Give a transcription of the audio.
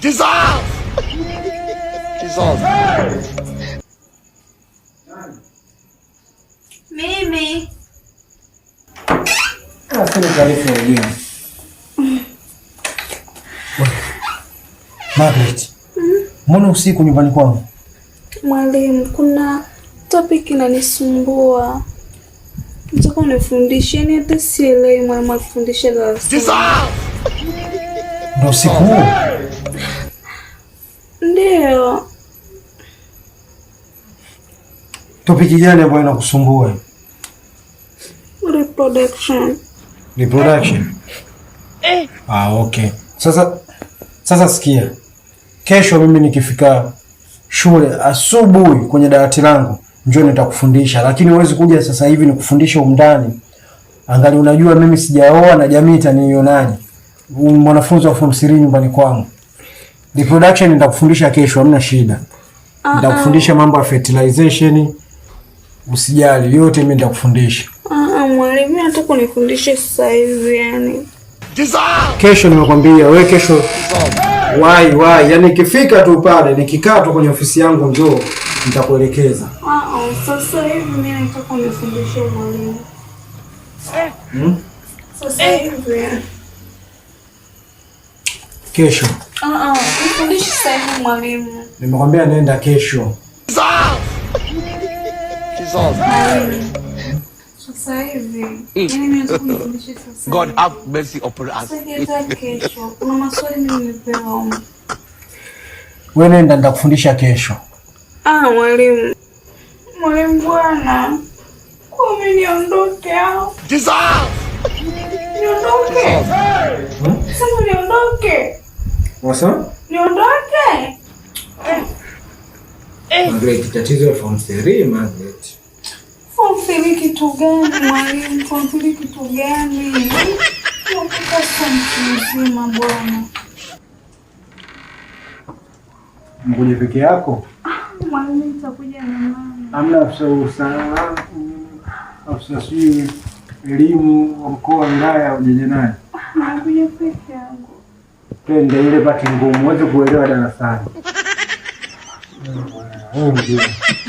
Dissolve! Dissolve. Mimi. Nasema taarifa ya elimu. Margaret. Mbona usiku nyumbani kwangu? Mwalimu, kuna topic inanisumbua. Nataka unifundishe ni hata sielewi mwalimu akufundishe darasani. Ndio usiku huo. Ndio. Topiki gani ambayo inakusumbua? Reproduction. Reproduction. Eh. Ah, okay. Sasa sasa sikia. Kesho mimi nikifika shule asubuhi kwenye dawati langu njoo nitakufundisha, lakini huwezi kuja sasa hivi nikufundisha umndani. Angali unajua mimi sijaoa na jamii itanionaje? Mwanafunzi wa form 3 nyumbani kwangu. Reproduction nitakufundisha kesho, hamna shida. Ah, nitakufundisha ah. mambo ya fertilization, usijali, yote mimi nitakufundisha. Ah, mwalimu hata kunifundisha sasa hivi yani. Kesho nimekwambia wewe, kesho wai wai, yani ikifika tu pale, nikikaa tu kwenye ofisi yangu, njoo nitakuelekeza. Sasa hivi mimi nataka unifundishe mwalimu. Hmm? Sasa hivi. Kesho. Uh-uh. Nifundishe sasa hivi mwalimu. Nimekwambia nenda kesho. God have mercy upon us. Wewe nenda nitakufundisha kesho. Ah, mwalimu. Mwalimu bwana. Kwa mimi niondoke Jesus! Niondoke. Sasa niondoke. Wasa? niondoke. Eh. Eh. Magret, tatizo la form 3, Margaret. Form 3 kitu gani mwalimu? Form 3 kitu gani? Nataka form nzima bwana. Mkuja peke yako? Ah, mwalimu nitakuja na mama. Hamna afisa usalama, afisa sijui elimu wa mkoa wa wilaya ujeje naye? Ah, Nakuja peke yangu. Ndio ile bati ngumu, huwezi kuelewa darasani.